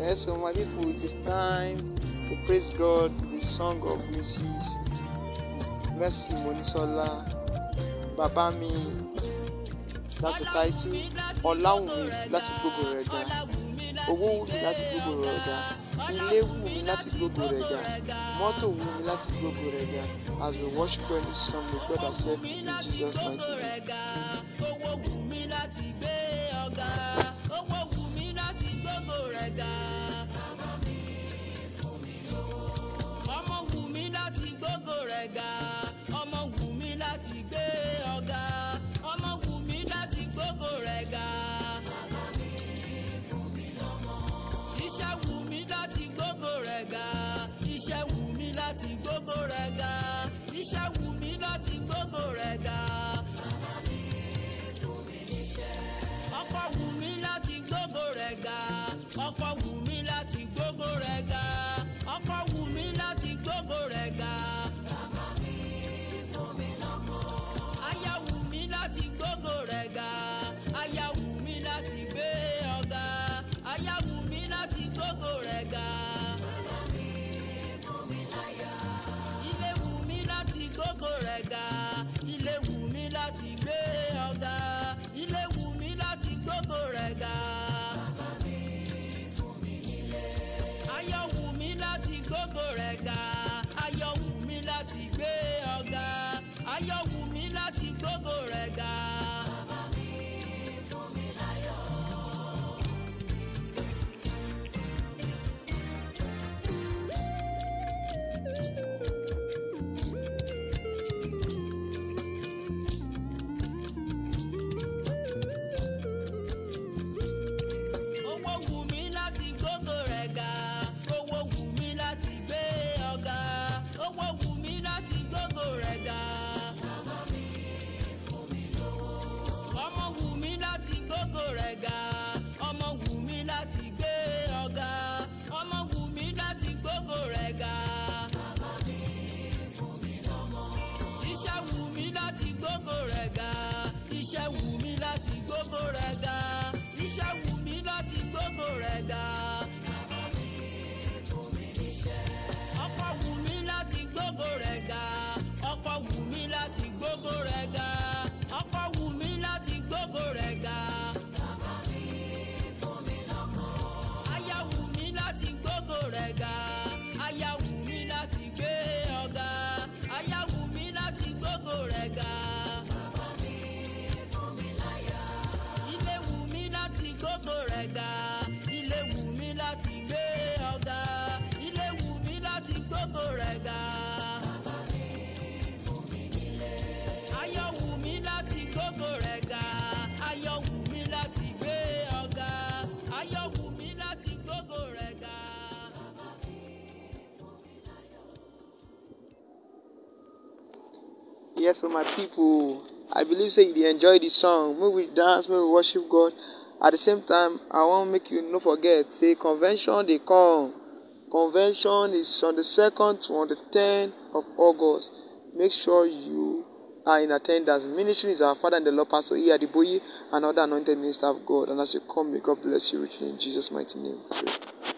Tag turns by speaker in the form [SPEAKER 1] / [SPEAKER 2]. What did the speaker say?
[SPEAKER 1] Yes, so my people, it is time to praise God The song of Mrs. Mercy Monisola, babami. That's the title. Ọláwùmí láti gbogbo rẹ̀ ga, owó wù mí láti gbogbo rẹ̀ ga, ilé wù mí láti gbogbo rẹ̀ ga, mọ́tò wù mí láti gbogbo rẹ̀ ga, as we watch prayer this song, may God accept it Jesus' my name. gbẹ̀gà ọmọ wù mí láti gbé ọ̀gá ọmọ wù mí láti gbógo rẹ̀ ga. bàbá mi fún mi lọ́mọ. iṣẹ́ wù mí láti gbógo rẹ̀ ga iṣẹ́ wù mí láti gbógo rẹ̀ ga iṣẹ́ wù mí láti gbógo rẹ̀ ga. ọkọ wù mí láti gbógo rẹ̀ ga ọkọ wù. rẹ̀ ga ọmọ wù mí láti gbé ọ̀gá ọmọ wù mí láti gbógo rẹ̀ ga. mi fún mi lọ́mọ. iṣẹ́ wù mí láti gbógo rẹ̀ ga iṣẹ́ wù mí láti gbógo rẹ̀ ga iṣẹ́ wù mí láti gbógo rẹ̀ ga. rẹ̀ ga. Bàbá mi fún yes o my people, i believe say you dey enjoy dis song make we dance make we worship god at the same time i wan make you no forget say convention dey come convention is on the second to on the ten of august make sure you are in attendance ministry is our father in the lord pastor Iya adiboye and other anointed minister of god and as you come may god bless you richly in jesus mighty name. Pray.